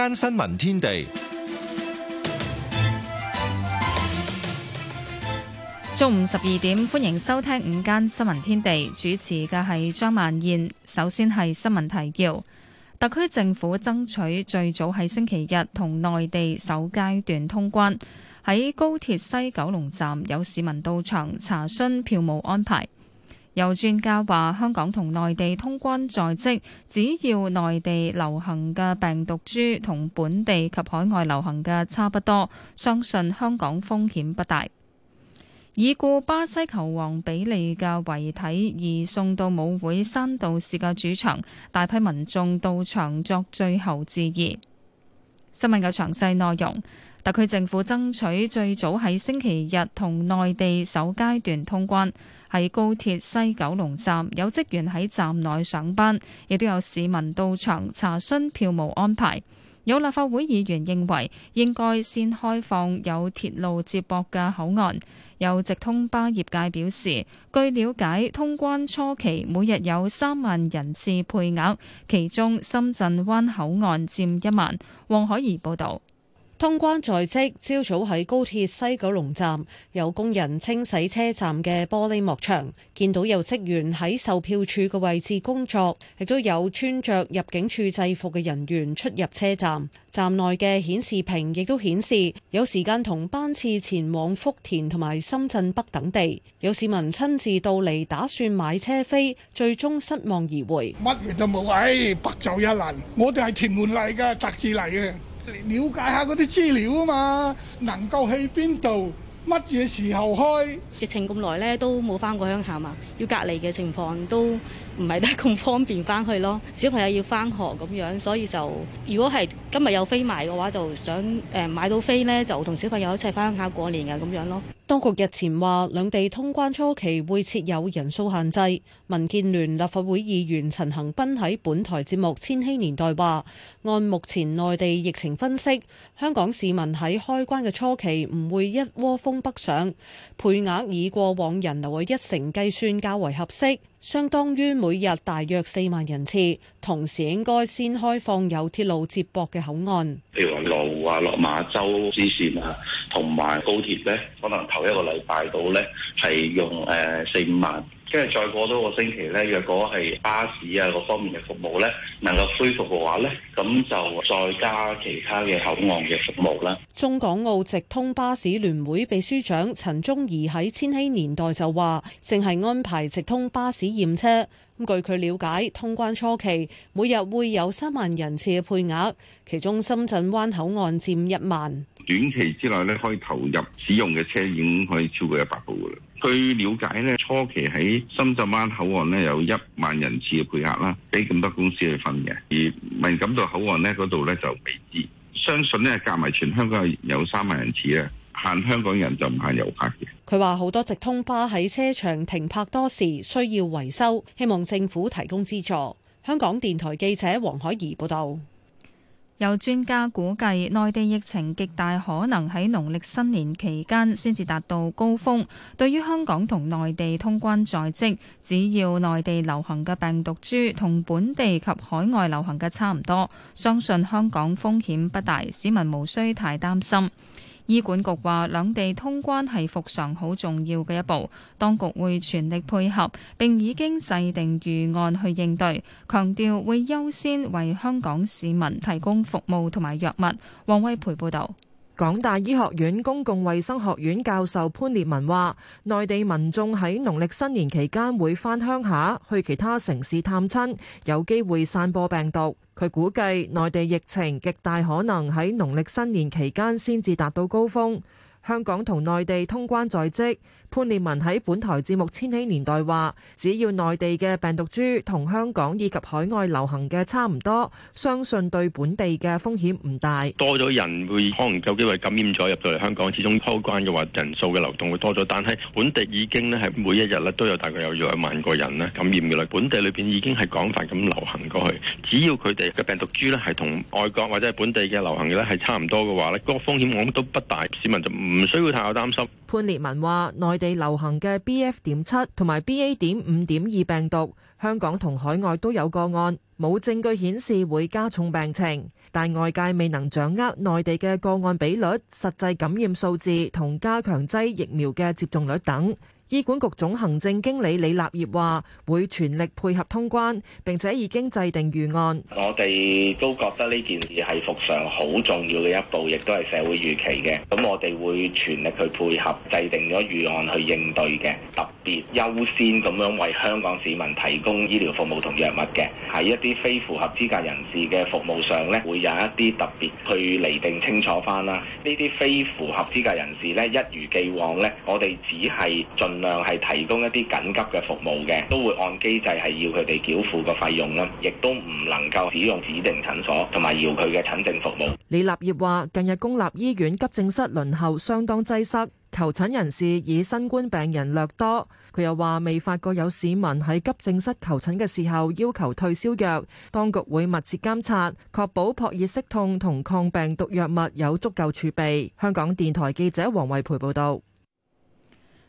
間新聞天地，中午十二點，歡迎收聽午間新聞天地，主持嘅係張曼燕。首先係新聞提要，特區政府爭取最早喺星期日同內地首階段通關。喺高鐵西九龍站有市民到場查詢票務安排。有專家話：香港同內地通關在即，只要內地流行嘅病毒株同本地及海外流行嘅差不多，相信香港風險不大。已故巴西球王比利嘅遺體移送到母會山度士嘅主場，大批民眾到場作最後致意。新聞嘅詳細內容。特區政府爭取最早喺星期日同內地首階段通關，喺高鐵西九龍站有職員喺站內上班，亦都有市民到場查詢票務安排。有立法會議員認為應該先開放有鐵路接駁嘅口岸。有直通巴業界表示，據了解，通關初期每日有三萬人次配額，其中深圳灣口岸佔一萬。黃海怡報導。通關在即，朝早喺高鐵西九龍站，有工人清洗車站嘅玻璃幕牆，見到有職員喺售票處嘅位置工作，亦都有穿着入境處制服嘅人員出入車站。站內嘅顯示屏亦都顯示有時間同班次前往福田同埋深圳北等地。有市民親自到嚟打算買車飛，最終失望而回。乜嘢都冇，唉、哎，白走一輪。我哋係屯門嚟㗎，特意嚟嘅。了解下嗰啲資料啊嘛，能夠去邊度，乜嘢時候開？疫情咁耐咧，都冇翻過鄉下嘛，要隔離嘅情況都。唔係得咁方便翻去咯，小朋友要翻學咁樣，所以就如果係今日有飛埋嘅話，就想誒買到飛咧，就同小朋友一齊翻鄉下過年啊咁樣咯。當局日前話，兩地通關初期會設有人數限制。民建聯立法會議員陳恒斌喺本台節目《千禧年代》話，按目前內地疫情分析，香港市民喺開關嘅初期唔會一窩蜂北上，配額以過往人流嘅一成計算較為合適。相當於每日大約四萬人次，同時應該先開放有鐵路接駁嘅口岸，譬如話路啊、落馬洲支線啊，同埋高鐵咧，可能頭一個禮拜到咧係用誒四五萬。即係再過多個星期呢，若果係巴士啊各方面嘅服務呢能夠恢復嘅話呢，咁就再加其他嘅口岸嘅服務啦。中港澳直通巴士聯會秘書長陳忠儀喺千禧年代就話，淨係安排直通巴士驗車。咁據佢了解，通關初期每日會有三萬人次嘅配額，其中深圳灣口岸佔一萬。短期之內咧，可以投入使用嘅車已經可以超過一百部嘅啦。據瞭解咧，初期喺深圳灣口岸咧有一萬人次嘅配額啦，俾咁多公司去分嘅。而敏感度口岸呢嗰度咧就未知，相信呢，夾埋全香港有三萬人次咧，限香港人就唔限遊客嘅。佢話好多直通巴喺車場停泊多時需要維修，希望政府提供資助。香港電台記者黃海怡報道。有專家估計，內地疫情極大可能喺農曆新年期間先至達到高峰。對於香港同內地通關在即，只要內地流行嘅病毒株同本地及海外流行嘅差唔多，相信香港風險不大，市民無需太擔心。醫管局話兩地通關係復常好重要嘅一步，當局會全力配合，並已經制定預案去應對，強調會優先為香港市民提供服務同埋藥物。王威培報道。港大醫學院公共衛生學院教授潘烈文話：內地民眾喺農曆新年期間會翻鄉下，去其他城市探親，有機會散播病毒。佢估計內地疫情極大可能喺農曆新年期間先至達到高峰。香港同內地通關在即，潘烈文喺本台節目《千禧年代》話：只要內地嘅病毒株同香港以及海外流行嘅差唔多，相信對本地嘅風險唔大。多咗人會可能有機會感染咗入到嚟香港，始終開關嘅話，人數嘅流動會多咗。但係本地已經咧係每一日咧都有大概有兩萬個人咧感染嘅啦。本地裏邊已經係廣泛咁流行過去，只要佢哋嘅病毒株咧係同外國或者係本地嘅流行嘅咧係差唔多嘅話呢，嗰個風險我諗都不大。市民就唔。唔需要太有擔心。潘烈文話，內地流行嘅 B. F. 點七同埋 B. A. 點五點二病毒，香港同海外都有個案，冇證據顯示會加重病情，但外界未能掌握內地嘅個案比率、實際感染數字同加強劑疫苗嘅接種率等。醫管局總行政經理李立業話，會全力配合通關，並且已經制定預案。我哋都覺得呢件事係復常好重要嘅一步，亦都係社會預期嘅。咁我哋會全力去配合，制定咗預案去應對嘅。優先咁樣為香港市民提供醫療服務同藥物嘅，喺一啲非符合資格人士嘅服務上呢，會有一啲特別去釐定清楚返啦。呢啲非符合資格人士呢，一如既往呢，我哋只係盡量係提供一啲緊急嘅服務嘅，都會按機制係要佢哋繳付個費用啦，亦都唔能夠使用指定診所同埋要佢嘅診症服務。李立業話：近日公立醫院急症室輪候相當擠塞。求診人士以新冠病人略多，佢又話：未發覺有市民喺急症室求診嘅時候要求退燒藥，當局會密切監察，確保撲熱息痛同抗病毒藥物有足夠儲備。香港電台記者黃惠培報道，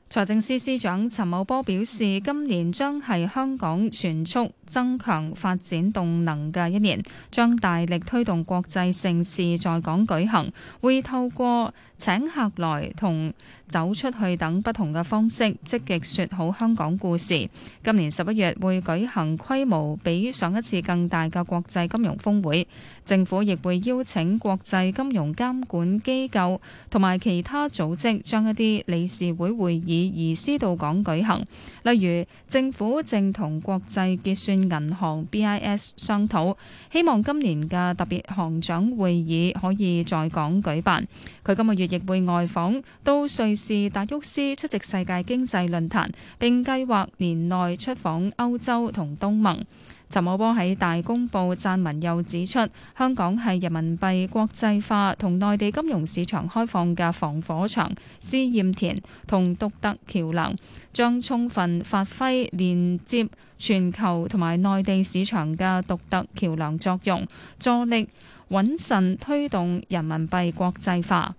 財政司司長陳茂波表示，今年將係香港全速增強發展動能嘅一年，將大力推動國際盛事在港舉行，會透過，請客來同走出去等不同嘅方式，積極說好香港故事。今年十一月會舉行規模比上一次更大嘅國際金融峰會，政府亦會邀請國際金融監管機構同埋其他組織將一啲理事會會議移師到港舉行。例如，政府正同國際結算銀行 BIS 商討，希望今年嘅特別行長會議可以在港舉辦，佢今個月亦會外訪到瑞士達沃斯出席世界經濟論壇，並計劃年內出訪歐洲同東盟。陳茂波喺大公報撰文又指出，香港係人民幣國際化同內地金融市場開放嘅防火牆、試驗田同獨特橋梁，將充分發揮連結全球同埋內地市場嘅獨特橋梁作用，助力穩慎推動人民幣國際化。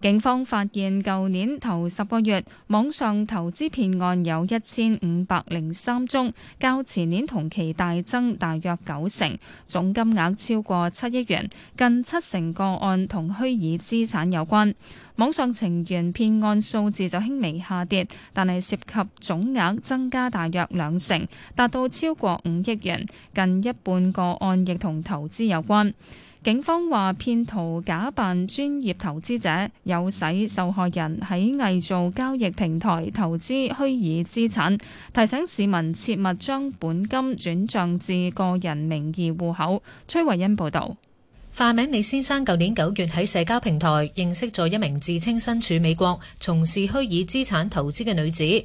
警方發現，舊年頭十個月，網上投資騙案有一千五百零三宗，較前年同期大增大約九成，總金額超過七億元，近七成個案同虛擬資產有關。網上情緣騙案數字就輕微下跌，但係涉及總額增加大約兩成，達到超過五億元，近一半個案亦同投資有關。警方話，騙徒假扮專業投資者，誘使受害人喺偽造交易平台投資虛擬資產。提醒市民切勿將本金轉賬至個人名義戶口。崔惠恩報導。化名李先生，舊年九月喺社交平台認識咗一名自稱身處美國、從事虛擬資產投資嘅女子。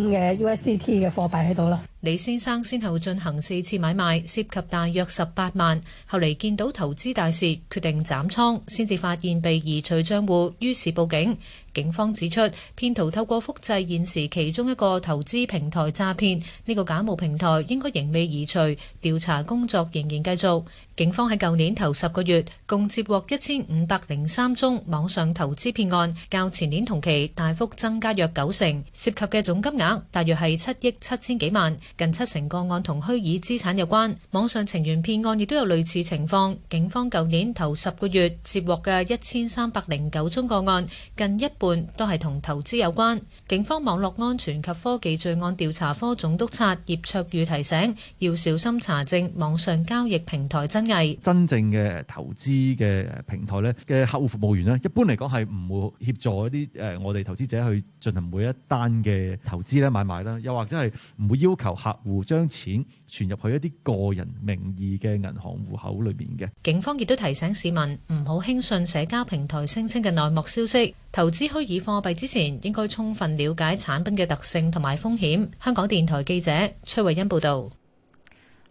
咁嘅 USDT 嘅貨幣喺度啦。李先生先後進行四次買賣，涉及大約十八萬，後嚟見到投資大蝕，決定斬倉先至發現被移除賬戶，於是報警。警方指出，騙徒透過複製現時其中一個投資平台詐騙，呢個假冒平台應該仍未移除，調查工作仍然繼續，警方喺舊年頭十個月共接獲一千五百零三宗網上投資騙案，較前年同期大幅增加約九成，涉及嘅總金額大約係七億七千幾萬。近七成個案同虛擬資產有關，網上情緣騙案亦都有類似情況。警方舊年頭十個月接獲嘅一千三百零九宗個案，近一半都係同投資有關。警方網絡安全及科技罪案調查科總督察葉卓宇提醒：要小心查證網上交易平台真偽。真正嘅投資嘅平台呢，嘅客戶服務員呢，一般嚟講係唔會協助一啲誒、呃、我哋投資者去進行每一單嘅投資咧買賣啦，又或者係唔會要求。客戶將錢存入去一啲個人名義嘅銀行戶口裏面嘅。警方亦都提醒市民唔好輕信社交平台聲稱嘅內幕消息。投資虛擬貨幣之前，應該充分了解產品嘅特性同埋風險。香港電台記者崔慧欣報道。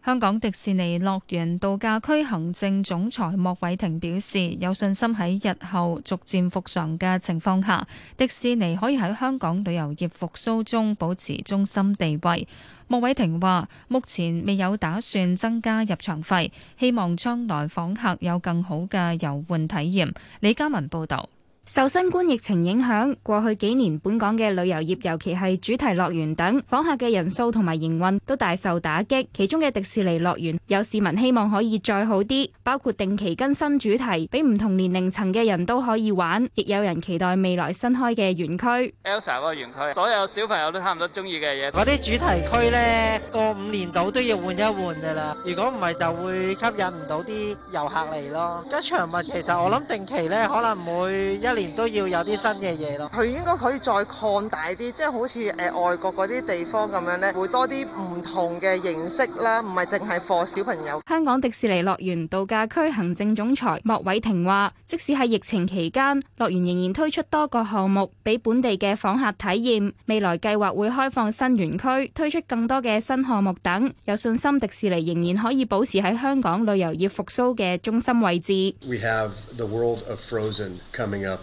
香港迪士尼樂園度假區行政總裁莫偉霆表示，有信心喺日後逐漸復常嘅情況下，迪士尼可以喺香港旅遊業復蘇中保持中心地位。莫偉霆話：目前未有打算增加入場費，希望將來訪客有更好嘅遊玩體驗。李嘉文報道。受新冠疫情影響，過去幾年本港嘅旅遊業，尤其係主題樂園等訪客嘅人數同埋營運都大受打擊。其中嘅迪士尼樂園有市民希望可以再好啲，包括定期更新主題，俾唔同年齡層嘅人都可以玩。亦有人期待未來新開嘅園區。Elsa 嗰個園區，所有小朋友都差唔多中意嘅嘢。嗰啲主題區呢，過五年度都要換一換噶啦。如果唔係，就會吸引唔到啲遊客嚟咯。吉祥物其實我諗定期呢，可能每一都要有啲新嘅嘢咯，佢應該可以再擴大啲，即係好似誒外國嗰啲地方咁樣咧，會多啲唔同嘅形式啦，唔係淨係俾小朋友。香港迪士尼樂園度假區行政總裁莫偉霆話，即使喺疫情期間樂園仍然推出多個項目俾本地嘅訪客體驗，未來計劃會開放新園區推出更多嘅新項目等，有信心迪士尼仍然可以保持喺香港旅遊業復蘇嘅中心位置。We have the world of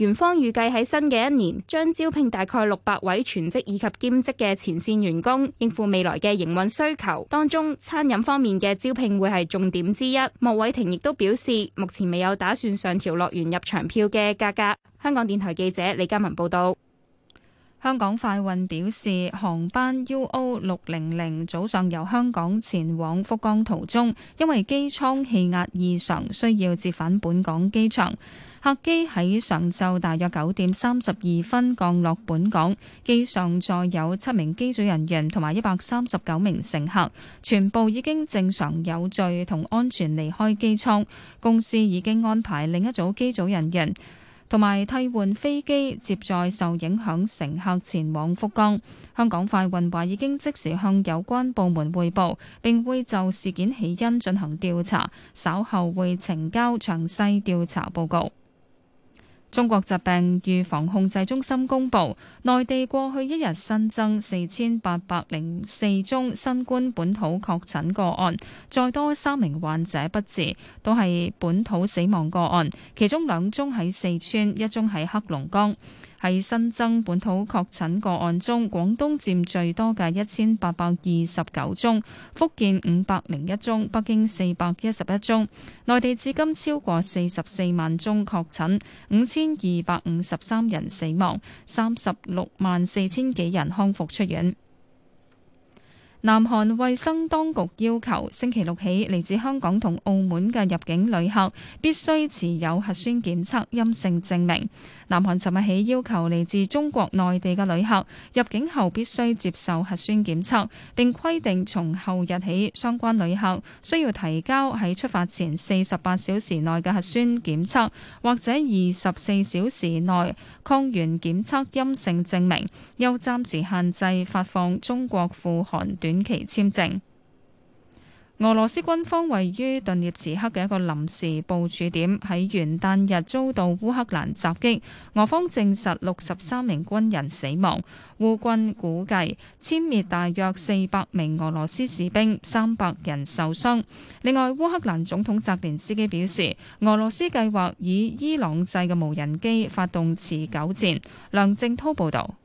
園方預計喺新嘅一年將招聘大概六百位全職以及兼職嘅前線員工，應付未來嘅營運需求。當中餐飲方面嘅招聘會係重點之一。莫偉霆亦都表示，目前未有打算上調樂園入場票嘅價格。香港電台記者李嘉文報道。香港快運表示，航班 UO 六零零早上由香港前往福岡途中，因為機艙氣壓異常，需要折返本港機場。客機喺上晝大約九點三十二分降落本港，機上載有七名機組人員同埋一百三十九名乘客，全部已經正常有序同安全離開機艙。公司已經安排另一組機組人員同埋替換飛機接載受影響乘客前往福岡。香港快運話已經即時向有關部門匯報，並會就事件起因進行調查，稍後會呈交詳細調查報告。中國疾病預防控制中心公佈，內地過去一日新增四千八百零四宗新冠本土確診個案，再多三名患者不治，都係本土死亡個案，其中兩宗喺四川，一宗喺黑龍江。喺新增本土確診個案中，廣東佔最多嘅一千八百二十九宗，福建五百零一宗，北京四百一十一宗。內地至今超過四十四萬宗確診，五千二百五十三人死亡，三十六萬四千幾人康復出院。南韓衛生當局要求星期六起，嚟自香港同澳門嘅入境旅客必須持有核酸檢測陰性證明。南韓尋日起要求嚟自中國內地嘅旅客入境後必須接受核酸檢測，並規定從後日起相關旅客需要提交喺出發前四十八小時內嘅核酸檢測，或者二十四小時內抗原檢測陰性證明，又暫時限制發放中國赴韓短期簽證。俄羅斯軍方位於頓涅茨克嘅一個臨時部署點，喺元旦日遭到烏克蘭襲擊，俄方證實六十三名軍人死亡，烏軍估計殲滅大約四百名俄羅斯士兵，三百人受傷。另外，烏克蘭總統澤連斯基表示，俄羅斯計劃以伊朗製嘅無人機發動持久戰。梁正滔報導。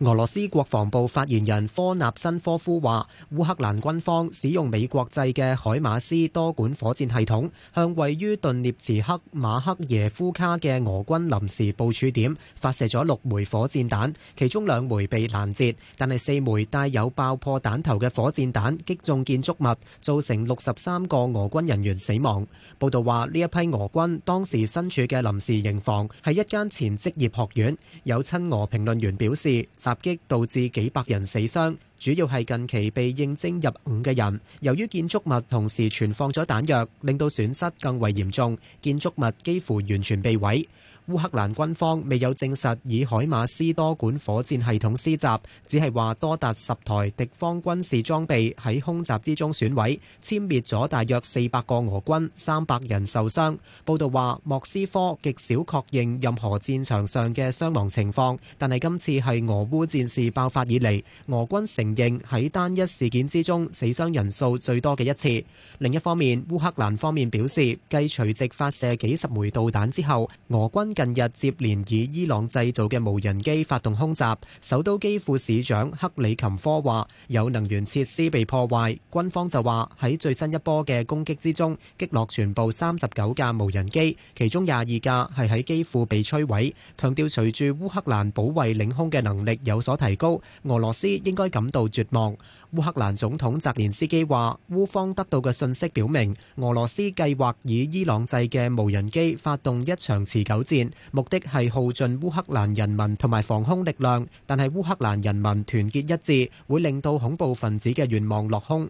俄羅斯國防部發言人科納申科夫話：烏克蘭軍方使用美國製嘅海馬斯多管火箭系統，向位於頓涅茨克馬克耶夫卡嘅俄軍臨時部署點發射咗六枚火箭彈，其中兩枚被攔截，但係四枚帶有爆破彈頭嘅火箭彈擊中建築物，造成六十三個俄軍人員死亡。報道話，呢一批俄軍當時身處嘅臨時營房係一間前職業學院。有親俄評論員表示：襲擊導致幾百人死傷，主要係近期被應徵入伍嘅人。由於建築物同時存放咗彈藥，令到損失更為嚴重，建築物幾乎完全被毀。烏克蘭軍方未有證實以海馬斯多管火箭系統施襲，只係話多達十台敵方軍事裝備喺空襲之中損毀，殲滅咗大約四百個俄軍，三百人受傷。報道話莫斯科極少確認任何戰場上嘅傷亡情況，但係今次係俄烏戰事爆發以嚟，俄軍承認喺單一事件之中死傷人數最多嘅一次。另一方面，烏克蘭方面表示，繼隨即發射幾十枚導彈之後，俄軍，近日接連以伊朗製造嘅無人機發動空襲，首都基輔市長克里琴科話有能源設施被破壞。軍方就話喺最新一波嘅攻擊之中擊落全部三十九架無人機，其中廿二架係喺基輔被摧毀。強調隨住烏克蘭保衛領空嘅能力有所提高，俄羅斯應該感到絕望。烏克蘭總統澤連斯基話，烏方得到嘅信息表明，俄羅斯計劃以伊朗製嘅無人機發動一場持久戰，目的係耗盡烏克蘭人民同埋防空力量。但係烏克蘭人民團結一致，會令到恐怖分子嘅願望落空。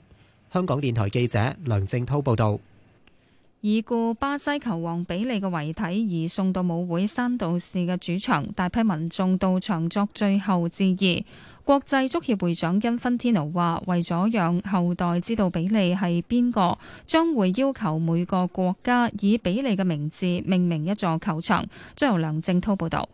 香港電台記者梁正濤報道。已故巴西球王比利嘅遺體移送到母會山度士嘅主場，大批民眾到場作最後致意。國際足協會長因芬天奴話，為咗讓後代知道比利係邊個，將會要求每個國家以比利嘅名字命名一座球場。將由梁正濤報道。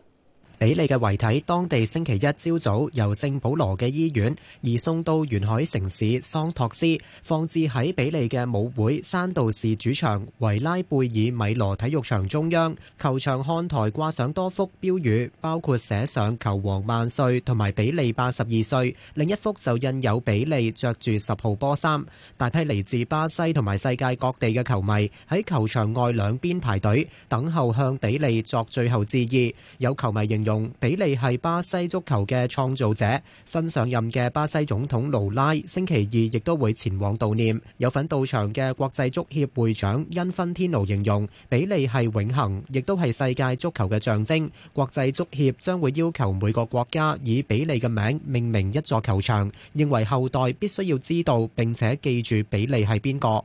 比利嘅遺體，當地星期一朝早由聖保羅嘅醫院移送到沿海城市桑托斯，放置喺比利嘅舞會山度士主場維拉貝爾米羅體育場中央。球場看台掛上多幅標語，包括寫上球王萬歲同埋比利八十二歲，另一幅就印有比利著住十號波衫。大批嚟自巴西同埋世界各地嘅球迷喺球場外兩邊排隊，等候向比利作最後致意。有球迷形容。比利係巴西足球嘅創造者。新上任嘅巴西總統盧拉星期二亦都會前往悼念。有份到場嘅國際足協會長恩芬天奴形容，比利係永恒，亦都係世界足球嘅象徵。國際足協將會要求每個國家以比利嘅名命名一座球場，認為後代必須要知道並且記住比利係邊個。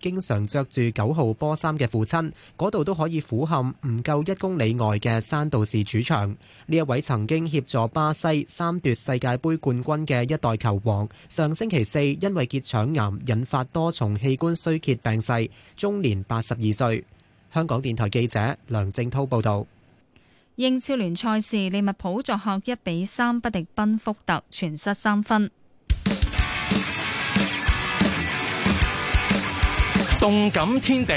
經常着住九號波衫嘅父親，嗰度都可以俯瞰唔夠一公里外嘅山度士主場。呢一位曾經協助巴西三奪世界杯冠軍嘅一代球王，上星期四因為結腸癌引發多重器官衰竭病逝，終年八十二歲。香港電台記者梁正濤報道。英超聯賽時利物浦作客一比三不敵賓福特，全失三分。動感天地，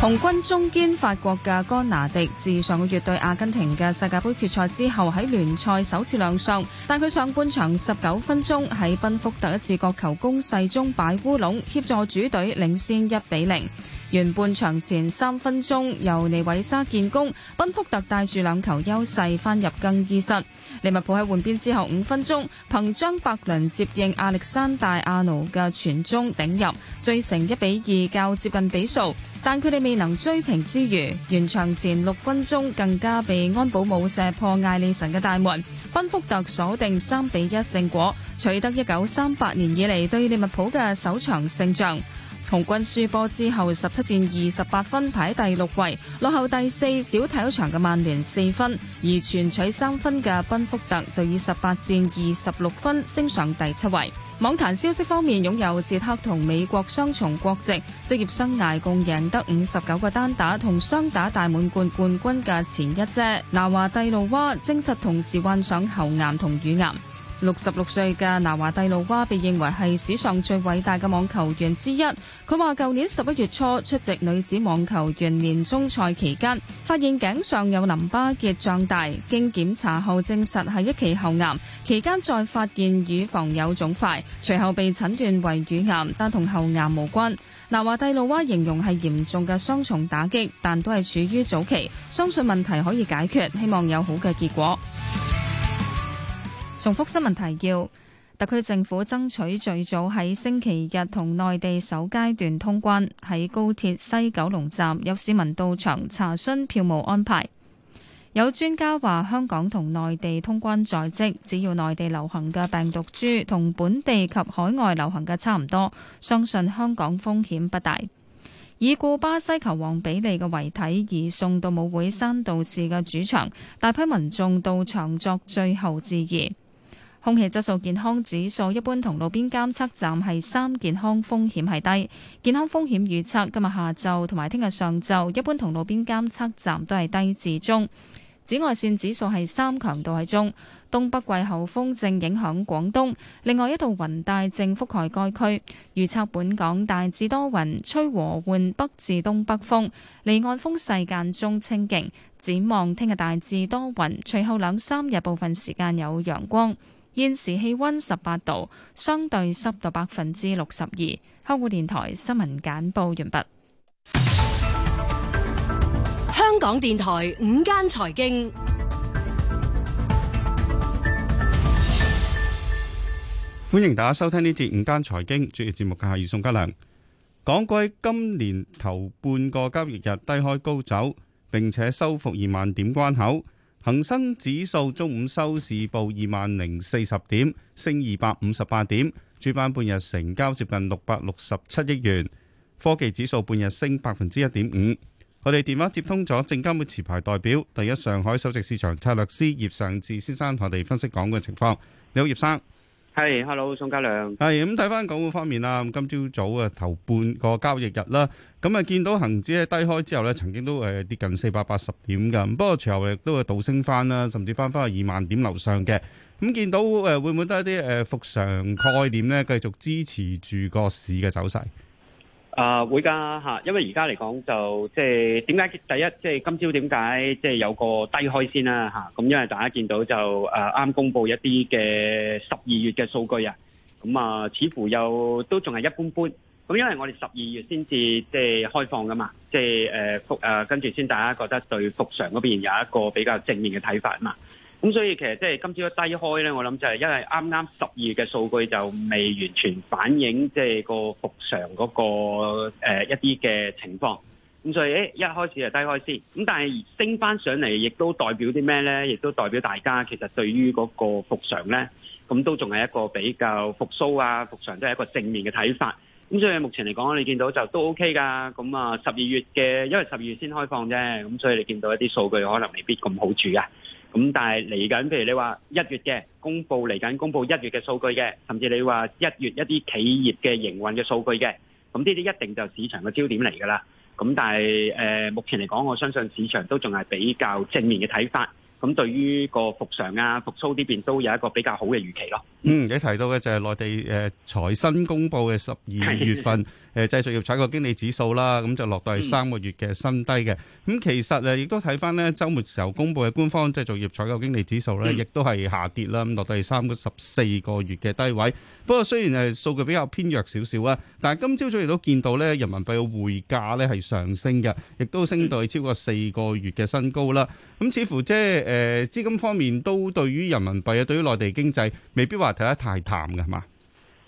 紅軍中堅法國嘅干拿迪自上個月對阿根廷嘅世界杯決賽之後，喺聯賽首次亮相，但佢上半場十九分鐘喺賓福特一次角球攻勢中擺烏龍，協助主隊領先一比零。完半場前三分鐘，由尼維沙建功，賓福特帶住兩球優勢返入更衣室。利物浦喺換邊之後五分鐘，憑張伯倫接應亞歷山大阿奴嘅傳中頂入，追成一比二較接近比數。但佢哋未能追平之餘，完場前六分鐘更加被安保姆射破艾利臣嘅大門，賓福特鎖定三比一勝果，取得一九三八年以嚟對利物浦嘅首場勝仗。紅軍輸波之後，十七戰二十八分排第六位，落後第四少踢一場嘅曼聯四分，而全取三分嘅賓福特就以十八戰二十六分升上第七位。網壇消息方面，擁有捷克同美國雙重國籍，職業生涯共贏得五十九個單打同雙打大滿貫冠軍嘅前一姐拿華帝路娃，證實同時患上喉癌同乳癌。六十六歲嘅拿華蒂露娃被認為係史上最偉大嘅網球員之一。佢話：舊年十一月初出席女子網球員年終賽期間，發現頸上有淋巴結脹大，經檢查後證實係一期喉癌。期間再發現乳房有腫塊，隨後被診斷為乳癌，但同喉癌無關。拿華蒂露娃形容係嚴重嘅雙重打擊，但都係處於早期，相信問題可以解決，希望有好嘅結果。重複新聞提要：特區政府爭取最早喺星期日同內地首階段通關。喺高鐵西九龍站有市民到場查詢票務安排。有專家話，香港同內地通關在即，只要內地流行嘅病毒株同本地及海外流行嘅差唔多，相信香港風險不大。已故巴西球王比利嘅遺體已送到母會山度士嘅主場，大批民眾到場作最後致意。空氣質素健康指數一般同路邊監測站係三，健康風險係低，健康風險預測今日下晝同埋聽日上晝一般同路邊監測站都係低至中。紫外線指數係三，強度係中。東北季候風正影響廣東，另外一道雲帶正覆蓋該區。預測本港大致多雲，吹和緩北至東北風，離岸風勢間中清勁。展望聽日大致多雲，隨後兩三日部分時間有陽光。現時氣溫十八度，相對濕度百分之六十二。香港電台新聞簡報完畢。香港電台午間財經，歡迎大家收聽呢節午間財經主要節目，主持嘅係宋嘉良。港股今年頭半個交易日低開高走，並且收復二萬點關口。恒生指數中午收市報二萬零四十點，升二百五十八點。主板半日成交接近六百六十七億元。科技指數半日升百分之一點五。我哋電話接通咗證監會持牌代表、第一上海首席市場策略師葉尚志先生，同我哋分析講嘅情況。你好，葉生。係、hey，Hello，宋嘉良。係，咁睇翻港股方面啦，咁今朝早啊，頭半個交易日啦，咁啊見到恒指喺低開之後咧，曾經都誒跌近四百八十點噶，不過隨後亦都會倒升翻啦，甚至翻翻去二萬點樓上嘅。咁見到誒，會唔會都係一啲誒，復常概念咧，繼續支持住個市嘅走勢？啊，會噶嚇，因為而家嚟講就即係點解？第一即係、就是、今朝點解即係有個低開先啦、啊、嚇，咁、啊、因為大家見到就啊啱公布一啲嘅十二月嘅數據啊，咁啊似乎又都仲係一般般。咁因為我哋十二月先至即係開放噶嘛，即係誒復誒跟住先，啊啊、大家覺得對復常嗰邊有一個比較正面嘅睇法嘛。咁所以其實即係今朝嘅低開咧，我諗就係因為啱啱十二月嘅數據就未完全反映即係個復常嗰個誒一啲嘅情況。咁所以誒一開始就低開先。咁但係升翻上嚟，亦都代表啲咩咧？亦都代表大家其實對於嗰個復常咧，咁都仲係一個比較復甦啊、復常都係一個正面嘅睇法。咁所以目前嚟講，你見到就都 OK 㗎。咁啊，十二月嘅因為十二月先開放啫，咁所以你見到一啲數據可能未必咁好處啊。咁但係嚟緊，譬如你話一月嘅公布嚟緊公布一月嘅數據嘅，甚至你話一月一啲企業嘅營運嘅數據嘅，咁呢啲一定就市場嘅焦點嚟㗎喇。咁但係誒、呃，目前嚟講，我相信市場都仲係比較正面嘅睇法。咁對於個復常啊、復甦呢邊都有一個比較好嘅預期咯。嗯，你提到嘅就係、是、內地誒、呃、財新公佈嘅十二月份誒 製造業採購經理指數啦，咁就落到係三個月嘅新低嘅。咁、嗯、其實誒亦都睇返呢週末時候公佈嘅官方製造業採購經理指數呢，亦都係下跌啦，落到係三個十四個月嘅低位。不過雖然係數據比較偏弱少少啊，但係今朝早亦都見到呢人民幣嘅匯價呢係上升嘅，亦都升到係超過四個月嘅新高啦。咁、嗯嗯嗯、似乎即係。呃誒，資金方面都對於人民幣啊，對於內地經濟，未必話睇得太淡嘅，係嘛？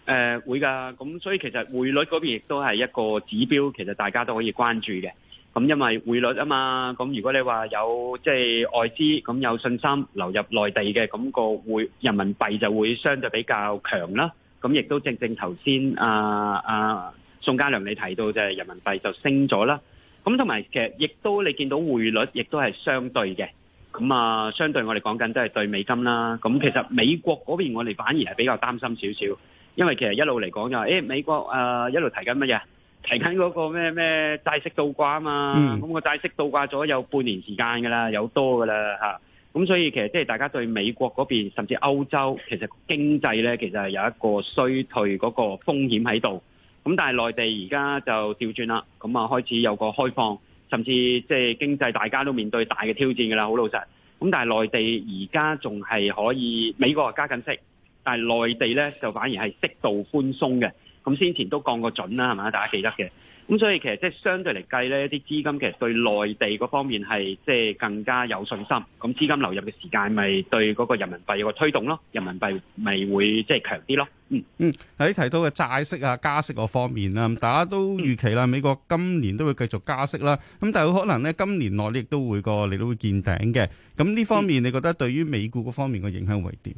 誒、呃，會噶，咁、嗯、所以其實匯率嗰邊亦都係一個指標，其實大家都可以關注嘅。咁、嗯、因為匯率啊嘛，咁、嗯、如果你話有即係外資咁、嗯、有信心流入內地嘅，咁個匯人民幣就會相對比較強啦。咁、嗯、亦都正正頭先阿阿宋嘉良你提到就係人民幣就升咗啦。咁同埋其實亦都你見到匯率亦都係相對嘅。咁啊，相對我哋講緊都係對美金啦。咁其實美國嗰邊我哋反而係比較擔心少少，因為其實一路嚟講就係，誒、欸、美國誒、呃、一路提緊乜嘢？提緊嗰個咩咩債息倒掛啊嘛。咁個、嗯、債息倒掛咗有半年時間㗎啦，有多㗎啦嚇。咁、啊、所以其實即係大家對美國嗰邊甚至歐洲，其實經濟咧其實係有一個衰退嗰個風險喺度。咁但係內地而家就調轉啦，咁啊開始有個開放。甚至即係經濟，大家都面對大嘅挑戰㗎啦。好老實，咁但係內地而家仲係可以，美國加緊息，但係內地呢就反而係適度寬鬆嘅。咁先前都降過準啦，係嘛？大家記得嘅，咁所以其實即係相對嚟計咧，啲資金其實對內地嗰方面係即係更加有信心，咁資金流入嘅時間咪對嗰個人民幣有個推動咯，人民幣咪會即係強啲咯。嗯嗯，喺提到嘅債息啊、加息嗰方面啦，大家都預期啦，嗯、美國今年都會繼續加息啦，咁但係可能咧今年內咧亦都會個利率見頂嘅。咁呢方面，你覺得對於美股嗰方面嘅影響會點？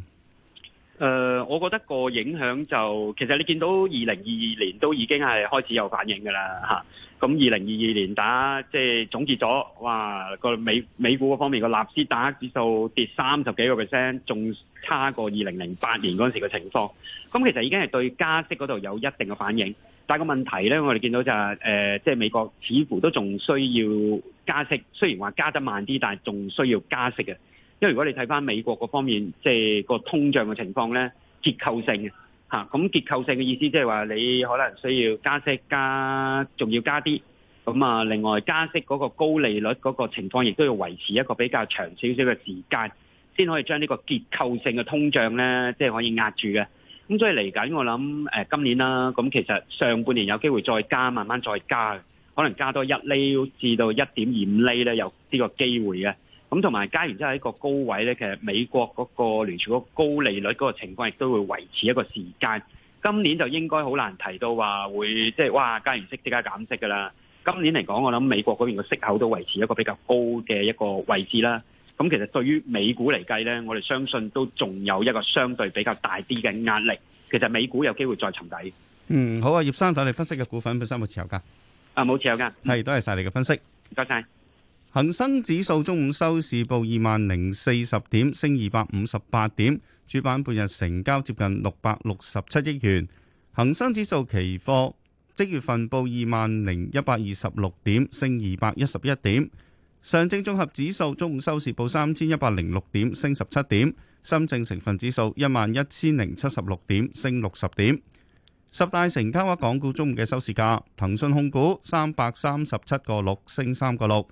誒、呃，我覺得個影響就其實你見到二零二二年都已經係開始有反應嘅啦嚇。咁二零二二年打即係總結咗，哇個美美股嗰方面個納斯達克指數跌三十幾個 percent，仲差過二零零八年嗰陣時嘅情況。咁其實已經係對加息嗰度有一定嘅反應，但係個問題咧，我哋見到就係、是、誒、呃，即係美國似乎都仲需要加息，雖然話加得慢啲，但係仲需要加息嘅。因為如果你睇翻美國嗰方面，即係個通脹嘅情況咧，結構性嚇，咁結構性嘅意思即係話你可能需要加息加，仲要加啲，咁啊，另外加息嗰個高利率嗰個情況，亦都要維持一個比較長少少嘅時間，先可以將呢個結構性嘅通脹咧，即係可以壓住嘅。咁所以嚟緊我諗誒，今年啦，咁其實上半年有機會再加，慢慢再加，可能加多一厘至到一點二五厘咧，有呢個機會嘅。咁同埋加完之後喺個高位咧，其實美國嗰個聯儲個高利率嗰個情況亦都會維持一個時間。今年就應該好難提到話會即係哇加完息即刻減息㗎喇。今年嚟講，我諗美國嗰邊個息口都維持一個比較高嘅一個位置啦。咁其實對於美股嚟計咧，我哋相信都仲有一個相對比較大啲嘅壓力。其實美股有機會再沉底。嗯，好啊，葉生，等你分析嘅股份有冇持有㗎？啊，冇持有㗎。係、嗯，多謝晒你嘅分析。唔該晒。恒生指數中午收市報二萬零四十點，升二百五十八點。主板半日成交接近六百六十七億元。恒生指數期貨即月份報二萬零一百二十六點，升二百一十一點。上證綜合指數中午收市報三千一百零六點，升十七點。深證成分指數一萬一千零七十六點，升六十點。十大成交額港股中午嘅收市價，騰訊控股三百三十七個六，升三個六。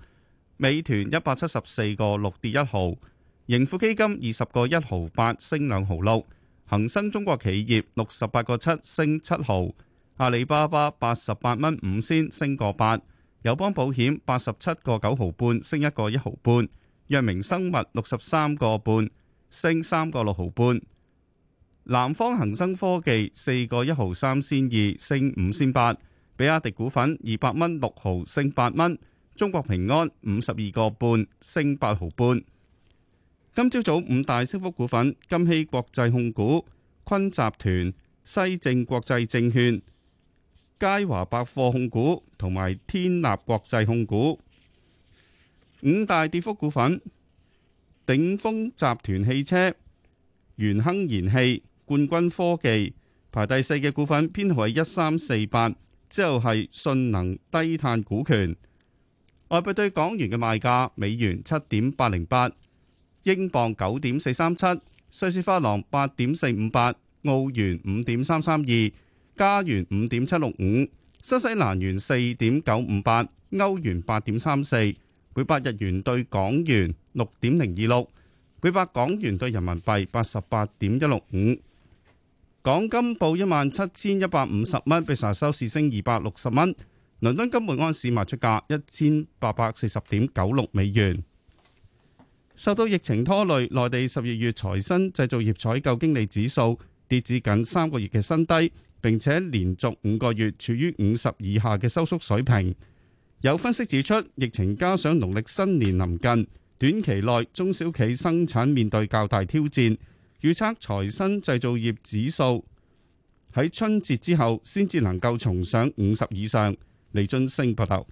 美團一百七十四個六跌一毫，盈富基金二十個一毫八升兩毫六，恒生中國企業六十八個七升七毫，阿里巴巴八十八蚊五仙升個八，友邦保險八十七個九毫半升一個一毫半，藥明生物六十三個半升三個六毫半，南方恒生科技四個一毫三仙二升五仙八，比亞迪股份二百蚊六毫升八蚊。中國平安五十二個半升八毫半。今朝早，早五大升幅股份：金禧國際控股、坤集團、西證國際證券、佳華百貨控股同埋天立國際控股。五大跌幅股份：鼎豐集團汽車、元亨燃氣、冠軍科技。排第四嘅股份編號係一三四八，之後係信能低碳股權。外幣對港元嘅賣價：美元七點八零八，英鎊九點四三七，瑞士法郎八點四五八，澳元五點三三二，加元五點七六五，新西蘭元四點九五八，歐元八點三四，每百日元對港元六點零二六，每百港元對人民幣八十八點一六五。港金報一萬七千一百五十蚊，比上收市升二百六十蚊。倫敦金每安士賣出價一千八百四十點九六美元。受到疫情拖累，內地十二月財新製造業採購經理指數跌至近三個月嘅新低，並且連續五個月處於五十以下嘅收縮水平。有分析指出，疫情加上農曆新年臨近，短期內中小企生產面對較大挑戰。預測財新製造業指數喺春節之後先至能夠重上五十以上。李津升報道，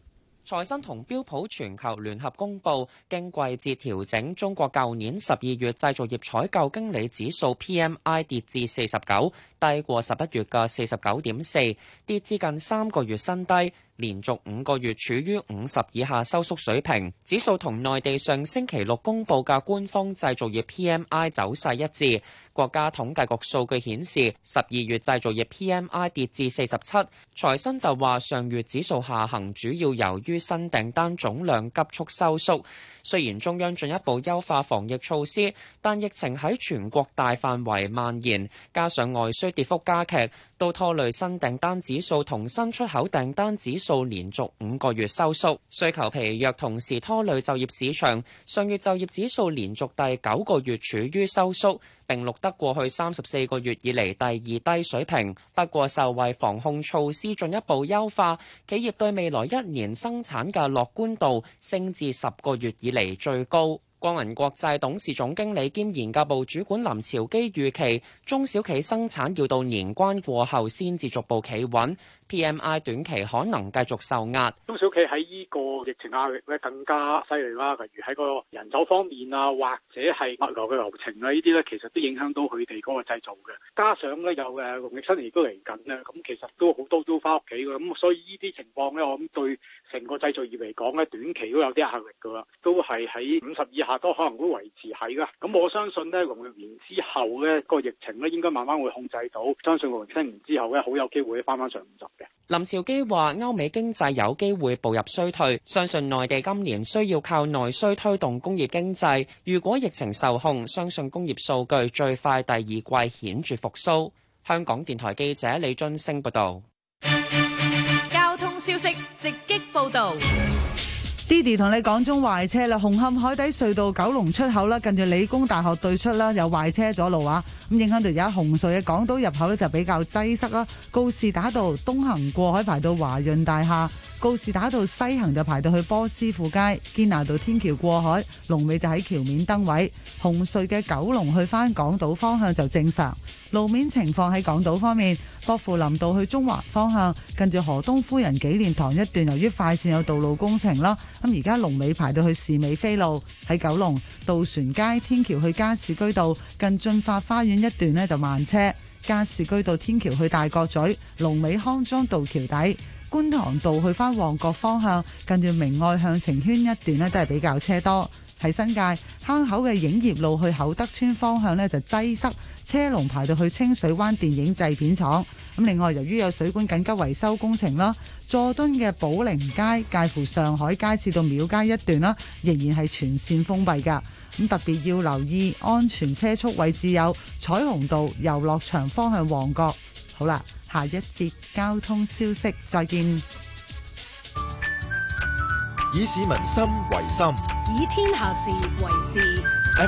財新同標普全球聯合公布，經季節調整，中國舊年十二月製造業採購經理指數 PMI 跌至四十九，低過十一月嘅四十九點四，跌至近三個月新低。連續五個月處於五十以下收縮水平，指數同內地上星期六公布嘅官方製造業 PMI 走勢一致。國家統計局數據顯示，十二月製造業 PMI 跌至四十七。財新就話，上月指數下行主要由於新訂單總量急速收縮。雖然中央進一步優化防疫措施，但疫情喺全國大範圍蔓延，加上外需跌幅加劇，都拖累新訂單指數同新出口訂單指數連續五個月收縮，需求疲弱，同時拖累就業市場，上月就業指數連續第九個月處於收縮，並錄得過去三十四個月以嚟第二低水平。不過受惠防控措施進一步優化，企業對未來一年生產嘅樂觀度升至十個月以嚟最高。光銀國際董事總經理兼研究部主管林潮基預期中小企生產要到年關過後先至逐步企穩，PMI 短期可能繼續受壓。中小企喺呢個疫情壓力咧更加犀利啦，例如喺個人手方面啊，或者係物流嘅流程啊，呢啲咧其實都影響到佢哋嗰個製造嘅。加上咧有誒農曆新年都嚟緊啦，咁其實都好多都翻屋企㗎，咁所以呢啲情況咧，我諗對成個製造業嚟講咧，短期都有啲壓力噶啦，都係喺五十以都可能會維持喺啦，咁我相信呢咧，農曆年完之後呢，這個疫情咧應該慢慢會控制到。相信農曆新年完之後呢，好有機會翻翻上嚟嘅。林兆基話：歐美經濟有機會步入衰退，相信內地今年需要靠內需推動工業經濟。如果疫情受控，相信工業數據最快第二季顯著復甦。香港電台記者李津升報導。交通消息直擊報導。Didi 同你講中壞車啦，紅磡海底隧道九龍出口啦，近住理工大學對出啦，有壞車阻路啊，咁影響到而家紅隧嘅港島入口咧就比較擠塞啦，告士打道東行過海排到華潤大廈。告士打道西行就排到去波斯富街堅拿道天橋過海，龍尾就喺橋面登位。紅隧嘅九龍去翻港島方向就正常。路面情況喺港島方面，薄扶林道去中環方向，近住何東夫人紀念堂一段，由於快線有道路工程啦。咁而家龍尾排到去士美菲路。喺九龍渡船街天橋去加士居道近駿發花園一段呢就慢車。加士居道天橋去大角咀龍尾康莊道橋底。觀塘道去返旺角方向，近住明愛向晴軒一段呢，都係比較車多。喺新界坑口嘅影業路去厚德村方向呢，就擠塞，車龍排到去清水灣電影製片廠。咁另外，由於有水管緊急維修工程啦，佐敦嘅寶靈街介乎上海街至到廟街一段啦，仍然係全線封閉噶。咁特別要留意安全車速位置有彩虹道遊樂場方向旺角。好啦。下一節交通消息，再見。以市民心為心，以天下事為事。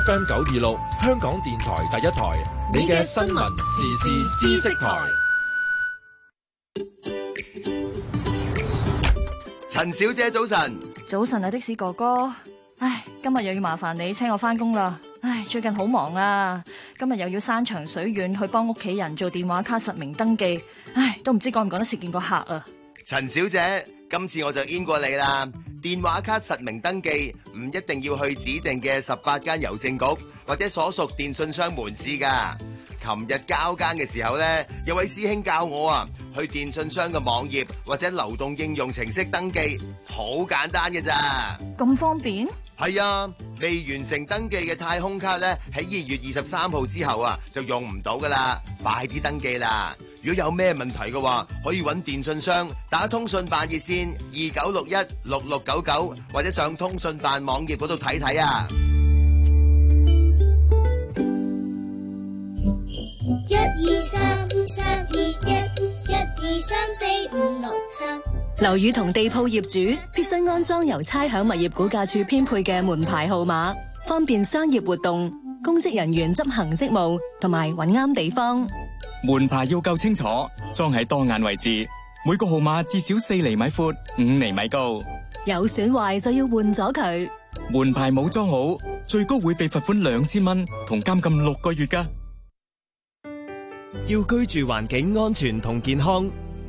FM 九二六，香港電台第一台，你嘅新聞時事知識台。陳小姐，早晨。早晨啊，的士哥哥，唉，今日又要麻煩你請我翻工啦，唉，最近好忙啊。今日又要山長水遠去幫屋企人做電話卡實名登記，唉，都唔知趕唔趕得切見個客啊！陳小姐，今次我就冤過你啦！電話卡實名登記唔一定要去指定嘅十八間郵政局或者所屬電信商門市噶。琴日交更嘅時候呢，有位師兄教我啊，去電信商嘅網頁或者流動應用程式登記，好簡單嘅咋？咁方便？係啊，未完成登記嘅太空卡呢，喺二月二十三號之後啊，就用唔到噶啦，快啲登記啦！如果有咩問題嘅話，可以揾電信商打通訊辦熱線二九六一六六九九，或者上通訊辦網頁嗰度睇睇啊！一、二、三、三、二、一、一、二、三、四、五、六、七。樓宇同地鋪業主必須安裝由差餉物業估價處編配嘅門牌號碼，方便商業活動、公職人員執行職務同埋揾啱地方。門牌要夠清楚，裝喺當眼位置，每個號碼至少四厘米闊、五厘米高。有損壞就要換咗佢。門牌冇裝好，最高會被罰款兩千蚊同監禁六個月㗎。要居住環境安全同健康，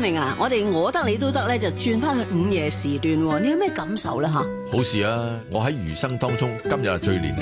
明啊！我哋我得你都得咧，就轉翻去午夜時段。你有咩感受咧？吓，好事啊！我喺餘生當中，今日係最年。